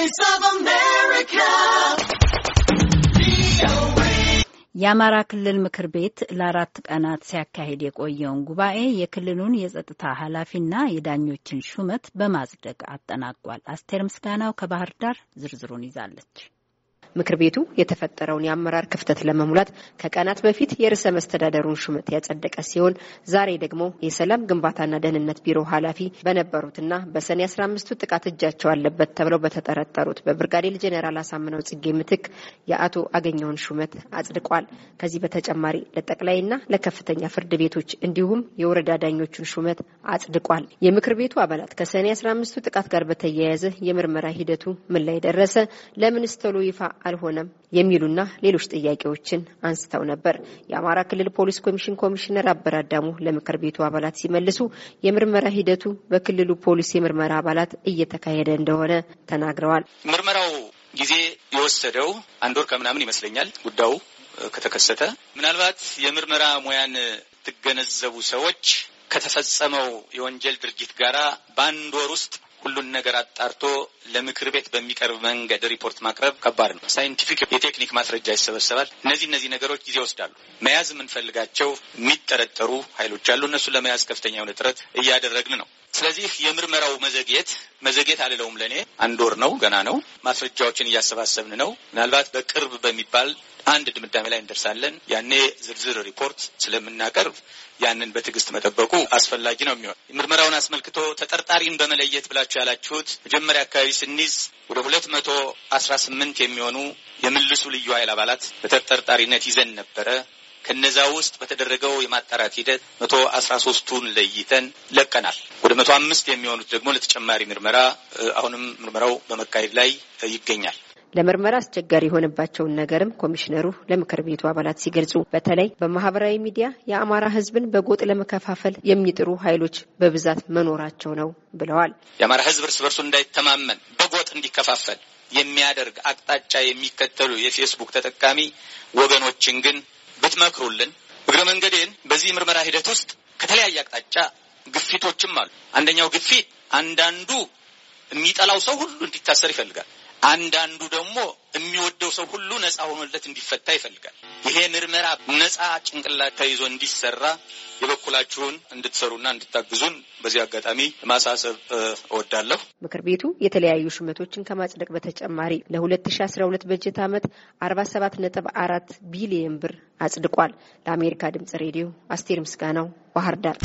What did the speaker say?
Voice የአማራ ክልል ምክር ቤት ለአራት ቀናት ሲያካሂድ የቆየውን ጉባኤ የክልሉን የጸጥታ ኃላፊና የዳኞችን ሹመት በማጽደቅ አጠናቋል። አስቴር ምስጋናው ከባህር ዳር ዝርዝሩን ይዛለች። ምክር ቤቱ የተፈጠረውን የአመራር ክፍተት ለመሙላት ከቀናት በፊት የርዕሰ መስተዳደሩን ሹመት ያጸደቀ ሲሆን ዛሬ ደግሞ የሰላም ግንባታና ደህንነት ቢሮ ኃላፊ በነበሩትና በሰኔ 15 አምስቱ ጥቃት እጃቸው አለበት ተብለው በተጠረጠሩት በብርጋዴር ጄኔራል አሳምነው ጽጌ ምትክ የአቶ አገኘውን ሹመት አጽድቋል። ከዚህ በተጨማሪ ለጠቅላይና ለከፍተኛ ፍርድ ቤቶች እንዲሁም የወረዳ ዳኞቹን ሹመት አጽድቋል። የምክር ቤቱ አባላት ከሰኔ 15 አምስቱ ጥቃት ጋር በተያያዘ የምርመራ ሂደቱ ምን ላይ ደረሰ? ለምንስ ይፋ አልሆነም የሚሉና ሌሎች ጥያቄዎችን አንስተው ነበር። የአማራ ክልል ፖሊስ ኮሚሽን ኮሚሽነር አበራዳሙ አዳሙ ለምክር ቤቱ አባላት ሲመልሱ የምርመራ ሂደቱ በክልሉ ፖሊስ የምርመራ አባላት እየተካሄደ እንደሆነ ተናግረዋል። ምርመራው ጊዜ የወሰደው አንድ ወር ከምናምን ይመስለኛል ጉዳዩ ከተከሰተ ምናልባት የምርመራ ሙያን ትገነዘቡ ሰዎች ከተፈጸመው የወንጀል ድርጊት ጋራ በአንድ ወር ውስጥ ሁሉን ነገር አጣርቶ ለምክር ቤት በሚቀርብ መንገድ ሪፖርት ማቅረብ ከባድ ነው። ሳይንቲፊክ የቴክኒክ ማስረጃ ይሰበሰባል። እነዚህ እነዚህ ነገሮች ጊዜ ይወስዳሉ። መያዝ የምንፈልጋቸው የሚጠረጠሩ ኃይሎች አሉ። እነሱ ለመያዝ ከፍተኛ የሆነ ጥረት እያደረግን ነው። ስለዚህ የምርመራው መዘግየት መዘግየት አልለውም ለእኔ አንድ ወር ነው፣ ገና ነው። ማስረጃዎችን እያሰባሰብን ነው። ምናልባት በቅርብ በሚባል አንድ ድምዳሜ ላይ እንደርሳለን። ያኔ ዝርዝር ሪፖርት ስለምናቀርብ ያንን በትዕግስት መጠበቁ አስፈላጊ ነው የሚሆን። ምርመራውን አስመልክቶ ተጠርጣሪን በመለየት ብላችሁ ያላችሁት መጀመሪያ አካባቢ ስንይዝ ወደ ሁለት መቶ አስራ ስምንት የሚሆኑ የምልሱ ልዩ ኃይል አባላት በተጠርጣሪነት ይዘን ነበረ። ከነዛ ውስጥ በተደረገው የማጣራት ሂደት መቶ አስራ ሶስቱን ለይተን ለቀናል። ወደ መቶ አምስት የሚሆኑት ደግሞ ለተጨማሪ ምርመራ አሁንም ምርመራው በመካሄድ ላይ ይገኛል። ለምርመራ አስቸጋሪ የሆነባቸውን ነገርም ኮሚሽነሩ ለምክር ቤቱ አባላት ሲገልጹ በተለይ በማህበራዊ ሚዲያ የአማራ ሕዝብን በጎጥ ለመከፋፈል የሚጥሩ ኃይሎች በብዛት መኖራቸው ነው ብለዋል። የአማራ ሕዝብ እርስ በርሱ እንዳይተማመን በጎጥ እንዲከፋፈል የሚያደርግ አቅጣጫ የሚከተሉ የፌስቡክ ተጠቃሚ ወገኖችን ግን ብትመክሩልን። እግረ መንገዴን በዚህ ምርመራ ሂደት ውስጥ ከተለያየ አቅጣጫ ግፊቶችም አሉ። አንደኛው ግፊት አንዳንዱ የሚጠላው ሰው ሁሉ እንዲታሰር ይፈልጋል። አንዳንዱ ደግሞ የሚወደው ሰው ሁሉ ነፃ ሆኖለት እንዲፈታ ይፈልጋል። ይሄ ምርመራ ነፃ ጭንቅላት ተይዞ እንዲሰራ የበኩላችሁን እንድትሰሩና እንድታግዙን በዚህ አጋጣሚ ማሳሰብ እወዳለሁ። ምክር ቤቱ የተለያዩ ሹመቶችን ከማጽደቅ በተጨማሪ ለ2012 በጀት ዓመት 47.4 ቢሊየን ብር አጽድቋል። ለአሜሪካ ድምጽ ሬዲዮ አስቴር ምስጋናው ባህር ዳር